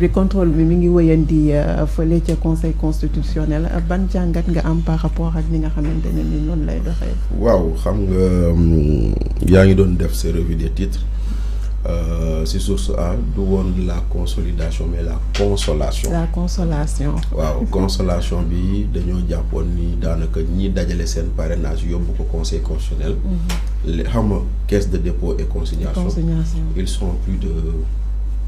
bi contrôle bi mi ngi wëyandi euh, fële ca conseil constitutionnel euh, ban jàngat nga am par rapport ak ni nga xamante ne ni noonu lay doxee. waaw xam nga mm, yaa ngi doon def sa revue des titres euh, si source A du woon la consolidation mais la consolation. la consolation. waaw consolation bi dañoo jàppoon ni daanaka ñi dajale seen parrainage yóbbu ko conseil constitutionnel. Mm-hmm. li xam nga caisse de dépôt et consignation. ils sont plus de.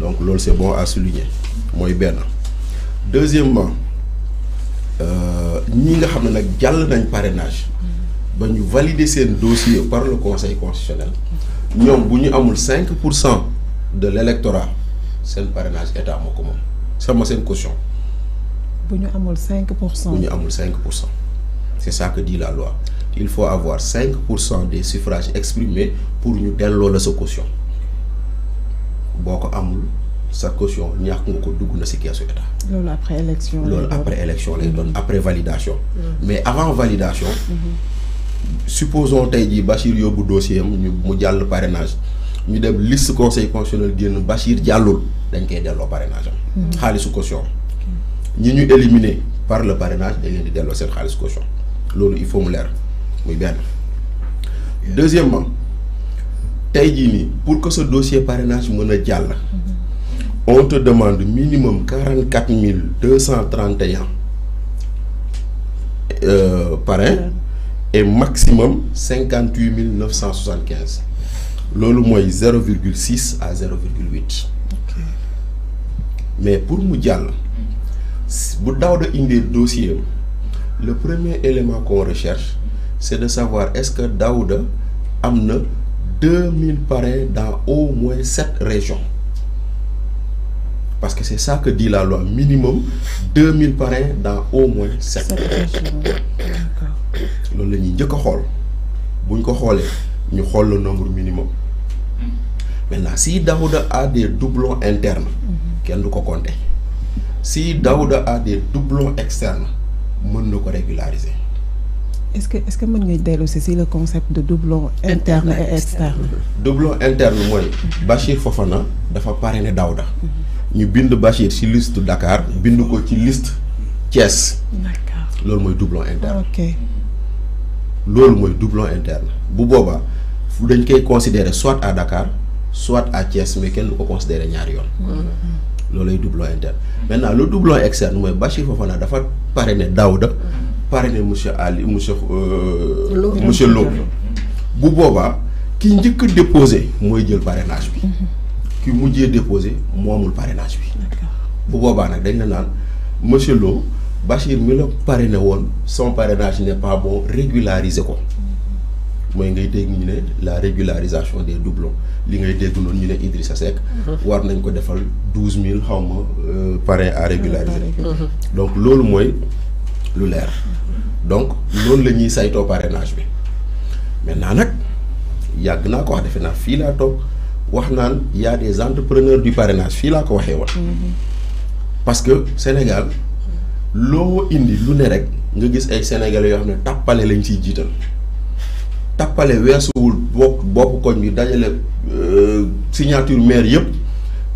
donc l'ol c'est bon à souligner Moi deuxièmement euh, nous avons xam ne parrainage Nous valider dossier par le conseil constitutionnel Nous avons 5% de l'électorat le parrainage état à mon commun. c'est une caution Si nous amul 5%. 5%? c'est ça que dit la loi il faut avoir 5% des suffrages exprimés pour nous donner la caution boo amul sa caution ñak nga ko dugg na si état. lolu après élection lolu après élection lay doon après validation. Mm. mais avant validation. Mm-hmm. supposons tay jii Bachir yobu dossier am ñu mu jàll parrainage ñu dem liste conseil constitutionnel génn Bachir jàllul dañ koy delloo parrainage am. Mm-hmm. xaalisu caution ñi ñu éliminer par le parrainage dañ leen di delloo xaalisu caution lolu il faut mu leer muy benn deuxièmement pour que ce dossier parrainage puisse on te demande minimum 44 231 et euh, et maximum 58 975. C'est neuf cent à 0,8. mais pour mu bu le dossier le premier élément qu'on recherche c'est de savoir est-ce que Daoud amène 2000 parrains dans au moins 7 régions. Parce que c'est ça que dit la loi, minimum 2000 parrains dans au moins 7, régions. D'accord. la nous avons a nous nous le nombre minimum maintenant si Daouda a des doublons internes qui mhm. du ko compter si Daouda a des doublons externes on peut ko régulariser est-ce que est-ce que le concept de doublon interne et externe. doublon interne c'est Bachir Fofana dafa parrainé Daouda. ñu bind Bachir la liste Dakar bind ko la liste Thiès. d'accord Lors doublon interne. ok Lors doublon interne bu boobaa que koy considérer soit à Dakar soit à Thiès mais ne vous pas considérer Lors yoon. Mm-hmm. doublon interne. maintenant le doublon externe c'est Bachir Fofana dafa parrainé Daouda parrainer monsieur Ali monsieur euh, monsieur Lo mm-hmm. bu boobaa ki njëkk a déposé mooy jël parrainage bi mm-hmm. ki mujjee déposé moomul parrainage bi bu boobaa nag dañ la naan monsieur Lo Bachir mi la parrainé woon son parrainage n'est pas bon régulariser ko mm-hmm. mooy ngay dégg ñu ne la régularisation des doublons li ngay dégg noonu ñu ne Idrissa Seck war nañ ko defal douze mille xaw ma euh, parrain à régulariser donc loolu mooy lu leer donc loolu la ñuy saytoo parrainage bi maintenant nak yàgg naa ko wax defe naa fii laa toog wax naan y a des entrepreneurs du parrainage fii laa ko waxee mm-hmm. parce que Sénégal loo indi lu ne rek nga gis ay sénégalais yoo xam ne tàppale lañ ci jiital tàppale weesuwul bopp bopp koñ bi dajale euh, signature maire yëpp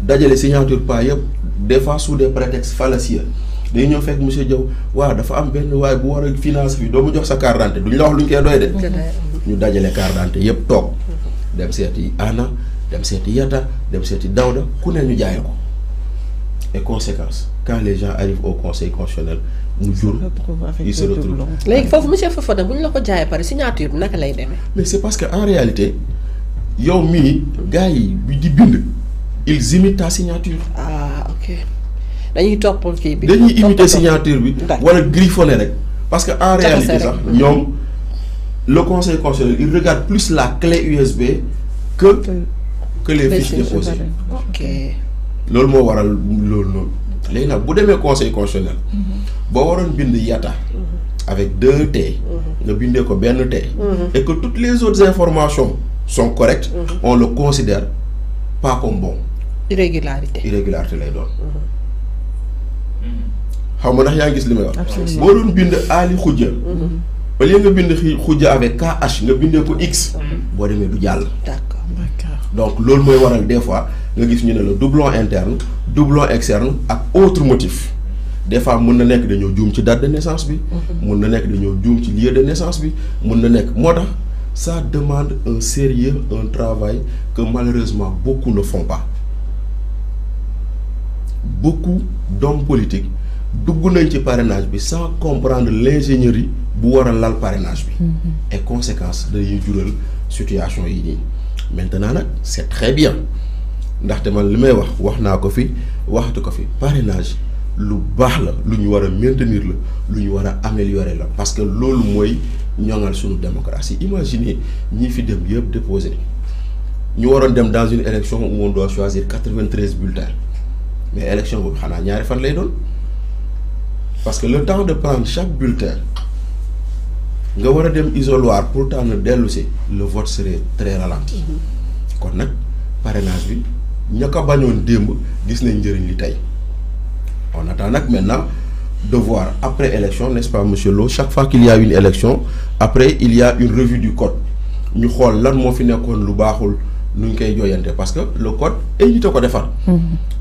dajale signature pas yëpp des fois sous des prétextes fallacieux day ñëw fekk monsieur Diaw wa dafa am a finance jox sa carte la wax doy ñu carte dem dem Yata et conséquence quand les gens arrivent au conseil constitutionnel mu ils se retrouvent léegi foofu monsieur Fofana bu ñu la ko signature naka lay demee. mais c'est parce que réalité yow gars di bind ils imitent ta signature dañuy top kii bi. dañuy imiter signature bi. wala griffonner rek. parce que en réalité sax ñoom le conseil constitutionnel il regarde plus la clé USB que que les fiches déposées. ok loolu moo waral loolu noonu. léegi nag bu demee conseil constitutionnel. Mhm. boo waroon bind yata. Mhm. avec deux T. Mhm. nga bindee ko benn T. et que toutes les autres informations sont correctes. on le considère pas comme bon. irrégularité irrégularité lay doon xaw ma ndax yaa ngi gis li may wax. boo doon bind aali xujja. Mhm. au lieu nga bind xujja avec KH nga bindee X. Mhm. boo demee du jàll. d'accord donc loolu mooy waral des fois nga gis ñu ne la doublon interne doublon externe ak autre motif. des fois mun na nekk dañoo juum ci date de naissance bi. Mhm. mun na nekk dañoo juum ci lieu de naissance bi mun na nekk moo ça demande un sérieux un travail que malheureusement beaucoup ne font pas beaucoup d'hommes politiques doublent nañ ci parrainage sans comprendre l'ingénierie pour war le parrainage mm-hmm. et conséquence de jural situation yi maintenant c'est très bien je man parrainage nous baax la maintenir nous devons ñu parce que améliorer ce parce que loolu mooy ñoŋal la démocratie imaginez nous fi dem yëpp déposer ñu dans une élection où on doit choisir 93 bulletins mais élection boobu xana ñaari fan lay doon parce que le temps de prendre chaque bulletin nga war a dem isoloir pour tànn dellu le vote serait très ralenti mm-hmm. kon nag parrainage bi ña ko bañoon démb gis nañ njëriñ li tey on attend maintenant de voir après élection n'est-ce pas monsieur Lo chaque fois qu'il y a une élection après il y a une revue du code Nous xool lan moo fi nekkoon lu baaxul nu koy parce que le code il est a ko defar mm-hmm.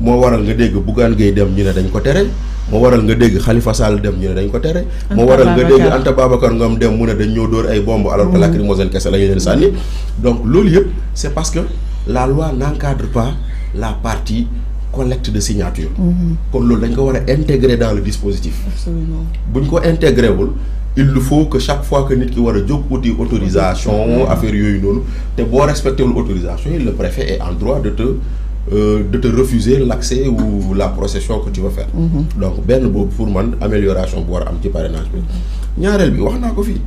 moo waral nga dégg Bougane Gueye dem ñu ne dañ ko tere moo waral nga dégg Khalifa Sall dem ñu ne dañ ko tere moo waral nga dégg Anta Babacar Ngom dem mu ne dañ ñoo dóor ay bombe alors que mm-hmm. lacrymogène kese la ñu leen sànni donc loolu yëpp c'est parce que la loi n'encadre pas la partie collecte de signature mm-hmm. kon loolu dañ ko war a intégrer dans le dispositif buñ ko intégré wul il faut que chaque fois que nit ki war a jóg wuti autorisation mm-hmm. affaire yooyu noonu te boo respecté wul autorisation le préfet est en droit de te euh, de te refuser l'accès ou la procession que tu vas faire. Mhm. donc Ben, amélioration pour man amélioration pour un a am ci parrainage bi. ñaareel bi wax naa ko fii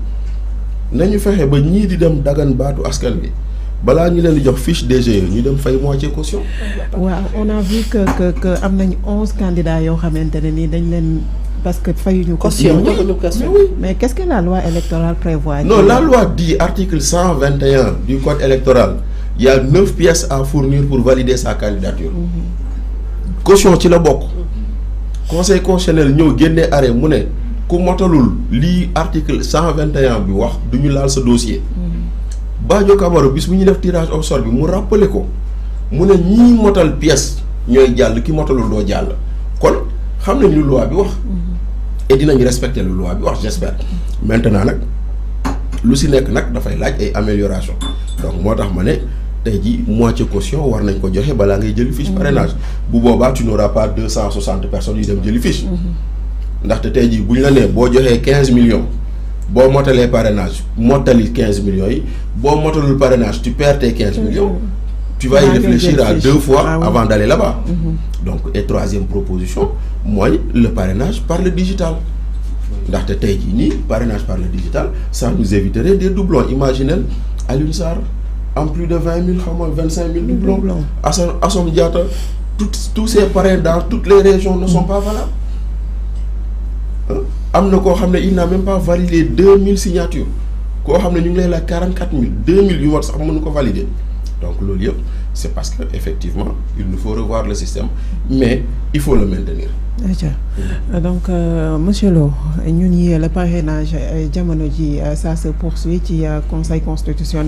nañu fexe ba ñii di dem dagan baatu askan bi. balaa ñu leen jox fiche DG, e, ñu dem fay moitié caution. waaw on a vu que que que am 11 onze candidats qui ont été nii dañ leen parce que fayuñu caution. caution mais qu'est-ce que la loi électorale prévoit. non la loi dit article 121 du code électoral il y a neuf pièces à fournir pour valider sa candidature. caution ci la bokk. conseil constitutionnel ñëw génnee arrêt mu ne ku motalul lii article 121 vingt et un bi wax du laal sa dossier. Badio Camara bis bu ñu def tirage au sort bi mu rappelé ko mu ne ñii motal pièce ñooy jàll ki motalul doo jàll kon xam nañ loi bi wax. et dinañ respecter le loi bi wax j'espère. maintenant nag lu si nekk nag dafay laaj ay amélioration donc moo tax ma ne tey moitié caution war nañ ko joxe balaa ngay jëli fiche mhm. parrainage bu boobaa tu n'auras pas 260 personnes qui dem jëli fiche mhm. ndaxte tey jii bu dire la 15 millions, joxee quinze millions boo motalee parrainage 15 15 millions Bon boo le parrainage tu perds tes 15 mhm. millions tu vas y réfléchir à deux fois ah avant d'aller là-bas donc et troisième proposition moi le parrainage par le digital ndaxte te jii ni parrainage par le digital ça nous éviterait des doublons imaginez à l'UNSAR en plus de 20 000 25 000 Blancs. à à son tous ces parrains dans toutes les régions ne sont pas valables. Hein? Il n'a même pas validé 2 000 signatures. Il a 44 000, 2 000 Donc, le lieu, c'est parce qu'effectivement, il nous faut revoir le système, mais il faut le maintenir. Euh, donc, euh, monsieur Lo, le parrainage, euh, ça se poursuit, il y a conseil constitutionnel.